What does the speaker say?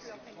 souhlasím.